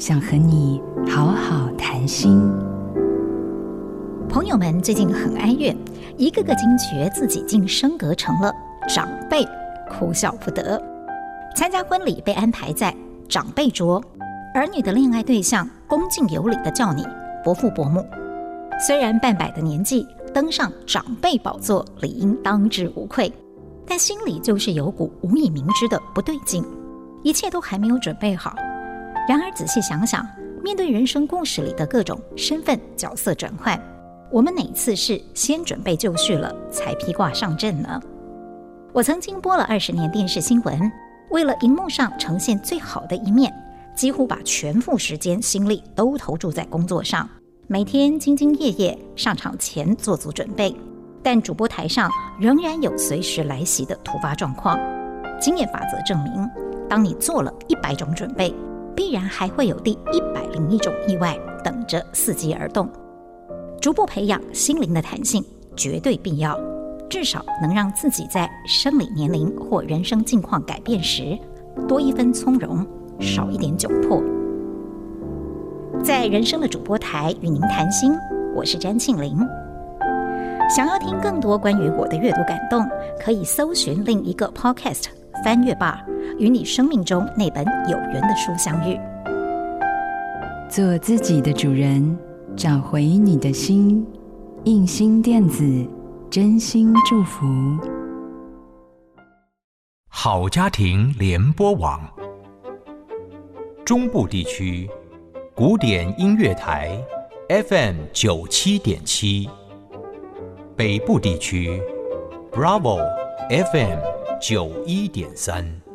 想和你好好談心。朋友們最近很哀怨，一個個驚覺自己竟升格成了長輩，哭笑不得。參加婚禮被安排在長輩桌，兒女的戀愛對象恭敬有禮地叫你伯父伯母。雖然半百的年紀登上長輩寶座理應當之無愧，但心裡就是有股無以名之的不對勁，一切都還沒有準備好。然而，仔細想想，面對人生故事裡的各種身份角色轉換，我們哪一次是先準備就緒了才披掛上陣呢？我曾經播了二十年電視新聞，為了熒幕上呈現最好的一面，幾乎把全部時間、心力都投注在工作上，每天兢兢業業，業，上場前做足準備。但主播台上仍然有隨時來襲的突發狀況。經驗法則證明，當你做了一百種準備，依然還會有第一百零一種意外等着伺機而動，逐步培養心靈的彈性，絕對必要。至少能讓自己在生理年齡或人生境況改變時，多一分從容，少一點窘迫。在人生的主播台與您談心，我是詹慶齡。想要聽更多關於我的閱讀感動，可以搜尋另一個 Podcast。翻閱吧，與你生命中那本有緣的書相遇。做自己的主人，找回你的心。映興電子，真心祝福。好家庭聯播網，中部地區古典音樂台，FM 九七點七。北部地區，Bravo FM。九一點三。